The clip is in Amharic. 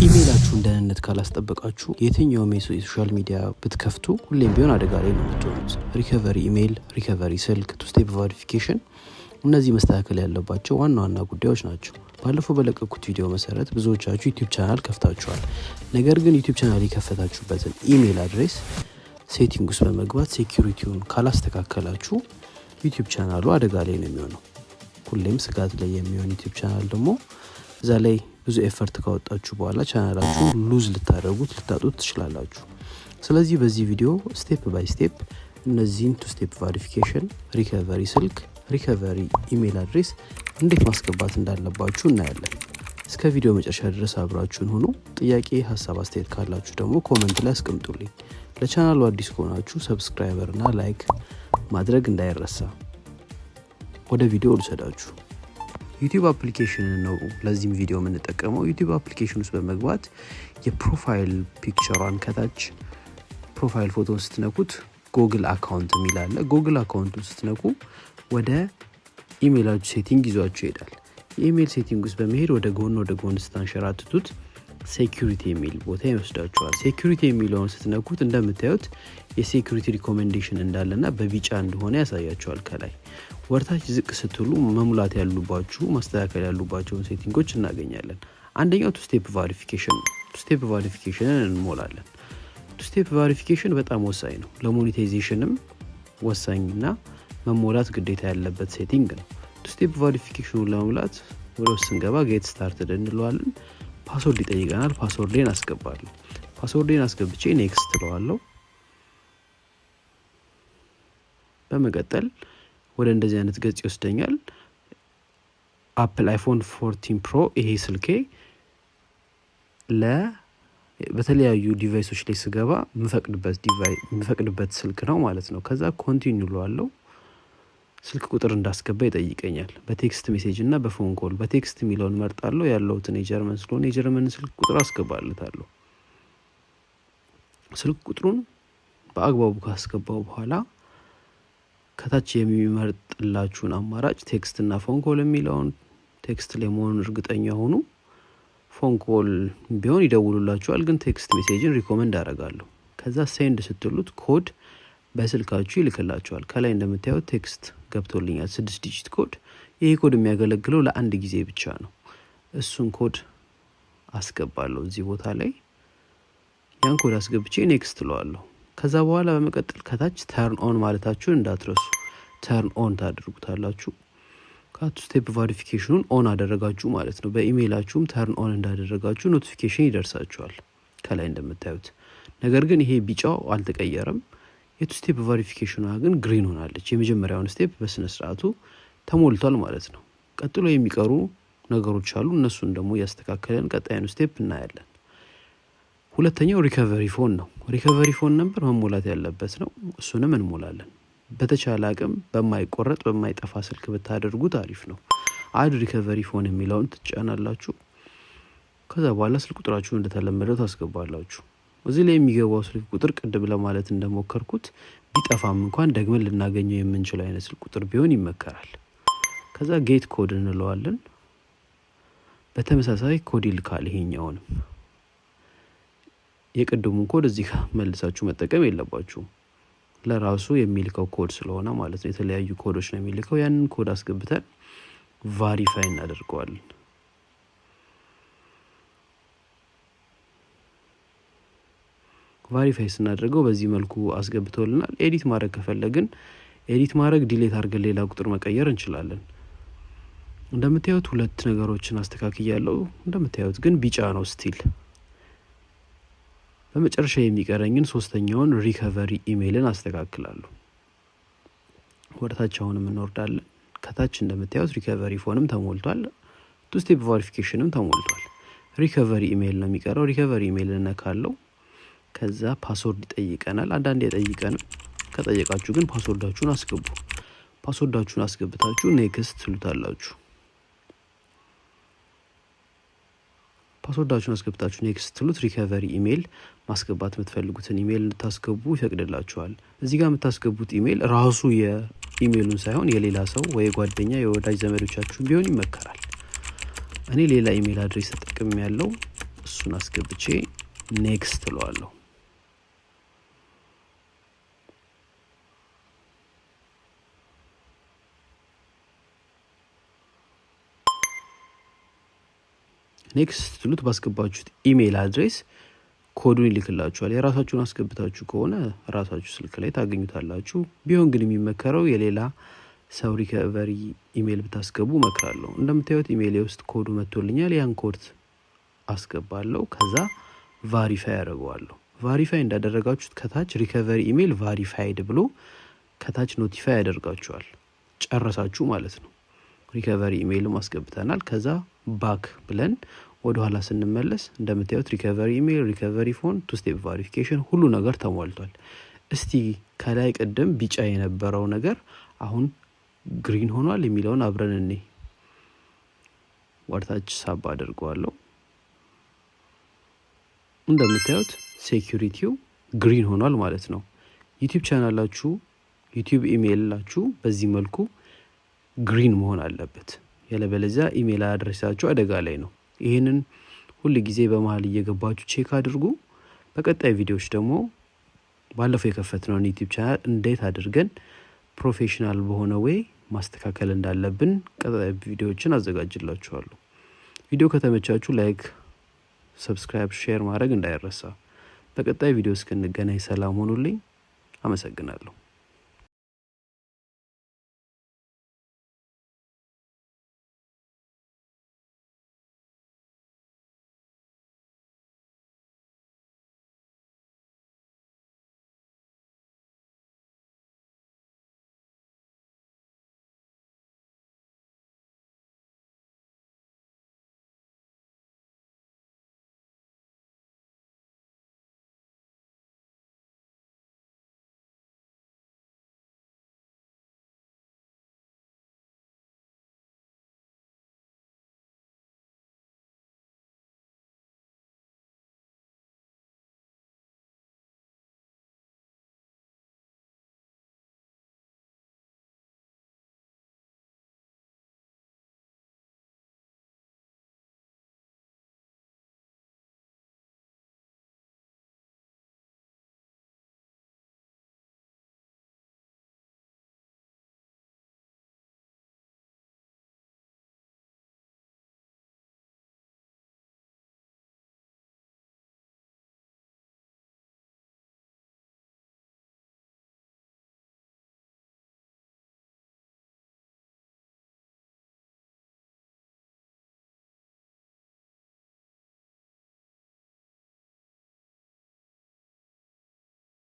የኢሜይላችሁን ደህንነት ካላስጠበቃችሁ የትኛውም የሶሻል ሚዲያ ብትከፍቱ ሁሌም ቢሆን አደጋ ላይ ነው የምትሆኑት። ሪከቨሪ ኢሜይል፣ ሪከቨሪ ስልክ፣ ቱስቴፕ ቫሪፊኬሽን እነዚህ መስተካከል ያለባቸው ዋና ዋና ጉዳዮች ናቸው። ባለፈው በለቀኩት ቪዲዮ መሰረት ብዙዎቻችሁ ዩቲዩብ ቻናል ከፍታችኋል። ነገር ግን ዩቲዩብ ቻናል የከፈታችሁበትን ኢሜይል አድሬስ ሴቲንግ ውስጥ በመግባት ሴኪሪቲውን ካላስተካከላችሁ ዩቲዩብ ቻናሉ አደጋ ላይ ነው የሚሆነው። ሁሌም ስጋት ላይ የሚሆን ዩቲዩብ ቻናል ደግሞ እዛ ላይ ብዙ ኤፈርት ካወጣችሁ በኋላ ቻናላችሁ ሉዝ ልታደርጉት ልታጡት ትችላላችሁ። ስለዚህ በዚህ ቪዲዮ ስቴፕ ባይ ስቴፕ እነዚህን ቱ ስቴፕ ቫሪፊኬሽን፣ ሪከቨሪ ስልክ፣ ሪከቨሪ ኢሜይል አድሬስ እንዴት ማስገባት እንዳለባችሁ እናያለን። እስከ ቪዲዮ መጨረሻ ድረስ አብራችሁን ሆኖ ጥያቄ፣ ሀሳብ፣ አስተያየት ካላችሁ ደግሞ ኮመንት ላይ አስቀምጡልኝ። ለቻናሉ አዲስ ከሆናችሁ ሰብስክራይበር ላይክ ማድረግ እንዳይረሳ። ወደ ቪዲዮ ልሰዳችሁ። ዩቲዩብ አፕሊኬሽን ነው ለዚህም ቪዲዮ የምንጠቀመው። ዩቲዩብ አፕሊኬሽን ውስጥ በመግባት የፕሮፋይል ፒክቸሯን ከታች ፕሮፋይል ፎቶን ስትነኩት ጎግል አካውንት የሚል አለ። ጎግል አካውንቱን ስትነኩ ወደ ኢሜይላችሁ ሴቲንግ ይዟችሁ ይሄዳል። የኢሜይል ሴቲንግ ውስጥ በመሄድ ወደ ጎን ወደ ጎን ስታንሸራትቱት ሴኪሪቲ የሚል ቦታ ይወስዳችኋል። ሴኪሪቲ የሚለውን ስትነኩት እንደምታዩት የሴኪሪቲ ሪኮሜንዴሽን እንዳለና በቢጫ እንደሆነ ያሳያችኋል ከላይ ወርታች ዝቅ ስትሉ መሙላት ያሉባችሁ ማስተካከል ያሉባቸውን ሴቲንጎች እናገኛለን። አንደኛው ቱስቴፕ ቫሪፊኬሽን ነው። ቱስቴፕ ቫሪፊኬሽንን እንሞላለን። ቱስቴፕ ቫሪፊኬሽን በጣም ወሳኝ ነው። ለሞኔታይዜሽንም ወሳኝና መሞላት ግዴታ ያለበት ሴቲንግ ነው። ቱስቴፕ ቫሪፊኬሽኑን ለመሙላት ወደ ውስጥ ስንገባ ጌት ስታርትድ እንለዋለን። ፓስወርድ ይጠይቀናል። ፓስወርዴን አስገባለሁ። ፓስወርዴን አስገብቼ ኔክስት ትለዋለሁ። በመቀጠል ወደ እንደዚህ አይነት ገጽ ይወስደኛል። አፕል አይፎን ፎርቲን ፕሮ ይሄ ስልኬ ለ በተለያዩ ዲቫይሶች ላይ ስገባ የምፈቅድበት ስልክ ነው ማለት ነው። ከዛ ኮንቲኒ ለዋለው ስልክ ቁጥር እንዳስገባ ይጠይቀኛል። በቴክስት ሜሴጅ እና በፎን ኮል በቴክስት የሚለውን መርጣለሁ። ያለሁትን የጀርመን ስለሆነ የጀርመን ስልክ ቁጥር አስገባለታለሁ። ስልክ ቁጥሩን በአግባቡ ካስገባው በኋላ ከታች የሚመርጥላችሁን አማራጭ ቴክስትና ፎን ኮል የሚለውን ቴክስት ላይ መሆኑን እርግጠኛ ሆኑ። ፎን ኮል ቢሆን ይደውሉላችኋል፣ ግን ቴክስት ሜሴጅን ሪኮመንድ አደርጋለሁ። ከዛ ሴንድ ስትሉት ኮድ በስልካችሁ ይልክላችኋል። ከላይ እንደምታየው ቴክስት ገብቶልኛል፣ ስድስት ዲጂት ኮድ። ይህ ኮድ የሚያገለግለው ለአንድ ጊዜ ብቻ ነው። እሱን ኮድ አስገባለሁ እዚህ ቦታ ላይ ያን ኮድ አስገብቼ ኔክስት እለዋለሁ። ከዛ በኋላ በመቀጠል ከታች ተርን ኦን ማለታችሁን እንዳትረሱ። ተርን ኦን ታደርጉታላችሁ። ከቱ ስቴፕ ቫሪፊኬሽኑን ኦን አደረጋችሁ ማለት ነው። በኢሜይላችሁም ተርን ኦን እንዳደረጋችሁ ኖቲፊኬሽን ይደርሳችኋል ከላይ እንደምታዩት። ነገር ግን ይሄ ቢጫው አልተቀየረም። የቱ ስቴፕ ቫሪፊኬሽኗ ግን ግሪን ሆናለች። የመጀመሪያውን ስቴፕ በስነ ስርዓቱ ተሞልቷል ማለት ነው። ቀጥሎ የሚቀሩ ነገሮች አሉ። እነሱን ደግሞ እያስተካከለን ቀጣዩን ስቴፕ እናያለን። ሁለተኛው ሪከቨሪ ፎን ነው። ሪከቨሪ ፎን ነበር መሞላት ያለበት ነው። እሱንም እንሞላለን። በተቻለ አቅም በማይቆረጥ በማይጠፋ ስልክ ብታደርጉት አሪፍ ነው። አድ ሪከቨሪ ፎን የሚለውን ትጫናላችሁ። ከዛ በኋላ ስልክ ቁጥራችሁን እንደተለመደው ታስገባላችሁ። እዚህ ላይ የሚገባው ስልክ ቁጥር ቅድም ለማለት እንደሞከርኩት ቢጠፋም እንኳን ደግመን ልናገኘው የምንችለው አይነት ስልክ ቁጥር ቢሆን ይመከራል። ከዛ ጌት ኮድ እንለዋለን። በተመሳሳይ ኮድ ይልካል ይሄኛውንም የቅድሙን ኮድ እዚህ ጋር መልሳችሁ መጠቀም የለባችሁም። ለራሱ የሚልከው ኮድ ስለሆነ ማለት ነው። የተለያዩ ኮዶች ነው የሚልከው። ያንን ኮድ አስገብተን ቫሪፋይ እናደርገዋለን። ቫሪፋይ ስናደርገው በዚህ መልኩ አስገብተውልናል። ኤዲት ማድረግ ከፈለግን ኤዲት ማድረግ ዲሌት አድርገን ሌላ ቁጥር መቀየር እንችላለን። እንደምታዩት ሁለት ነገሮችን አስተካክያለው። እንደምታዩት ግን ቢጫ ነው ስቲል በመጨረሻ የሚቀረኝን ሶስተኛውን ሪከቨሪ ኢሜይልን አስተካክላለሁ። ወደታች አሁንም እንወርዳለን። ከታች እንደምታዩት ሪከቨሪ ፎንም ተሞልቷል። ቱስቴፕ ቫሪፊኬሽንም ተሞልቷል። ሪከቨሪ ኢሜይል ነው የሚቀረው። ሪከቨሪ ኢሜይል እነካለው። ከዛ ፓስወርድ ይጠይቀናል። አንዳንድ የጠይቀንም ከጠየቃችሁ ግን ፓስወርዳችሁን አስገቡ። ፓስወርዳችሁን አስገብታችሁ ኔክስት ትሉታላችሁ። ፓስወርዳችሁን አስገብታችሁ ኔክስት ትሉት ሪከቨሪ ኢሜይል ማስገባት የምትፈልጉትን ኢሜይል እንድታስገቡ ይፈቅድላችኋል። እዚህ ጋር የምታስገቡት ኢሜይል ራሱ የኢሜይሉን ሳይሆን የሌላ ሰው ወይ የጓደኛ የወዳጅ ዘመዶቻችሁን ቢሆን ይመከራል። እኔ ሌላ ኢሜይል አድሬስ ተጠቅም ያለው እሱን አስገብቼ ኔክስት ትለዋለሁ። ኔክስት ስትሉት ባስገባችሁት ኢሜይል አድሬስ ኮዱን ይልክላችኋል። የራሳችሁን አስገብታችሁ ከሆነ ራሳችሁ ስልክ ላይ ታገኙታላችሁ። ቢሆን ግን የሚመከረው የሌላ ሰው ሪከቨሪ ኢሜይል ብታስገቡ እመክራለሁ። እንደምታዩት ኢሜይል ውስጥ ኮዱ መጥቶልኛል። ያን ኮድ አስገባለሁ። ከዛ ቫሪፋይ ያደርገዋለሁ። ቫሪፋይ እንዳደረጋችሁት ከታች ሪከቨሪ ኢሜይል ቫሪፋይድ ብሎ ከታች ኖቲፋይ ያደርጋችኋል። ጨረሳችሁ ማለት ነው። ሪከቨሪ ኢሜይሉ አስገብተናል። ከዛ ባክ ብለን ወደኋላ ስንመለስ እንደምታዩት ሪከቨሪ ኢሜይል፣ ሪከቨሪ ፎን፣ ቱ ስቴፕ ቫሪፊኬሽን ሁሉ ነገር ተሟልቷል። እስቲ ከላይ ቅድም ቢጫ የነበረው ነገር አሁን ግሪን ሆኗል የሚለውን አብረን እኔ ወደታች ሳብ አድርገዋለሁ። እንደምታዩት ሴኪሪቲው ግሪን ሆኗል ማለት ነው። ዩቲዩብ ቻናላችሁ ዩቲዩብ ኢሜይል ላችሁ በዚህ መልኩ ግሪን መሆን አለበት። ያለበለዚያ ኢሜል አድሬሳችሁ አደጋ ላይ ነው። ይህንን ሁል ጊዜ በመሀል እየገባችሁ ቼክ አድርጉ። በቀጣይ ቪዲዮዎች ደግሞ ባለፈው የከፈትነውን ዩቲዩብ ቻናል እንዴት አድርገን ፕሮፌሽናል በሆነ ወይ ማስተካከል እንዳለብን ቀጣይ ቪዲዮዎችን አዘጋጅላችኋለሁ። ቪዲዮ ከተመቻችሁ ላይክ፣ ሰብስክራይብ፣ ሼር ማድረግ እንዳይረሳ። በቀጣይ ቪዲዮ እስክንገናኝ ሰላም ሆኑልኝ። አመሰግናለሁ።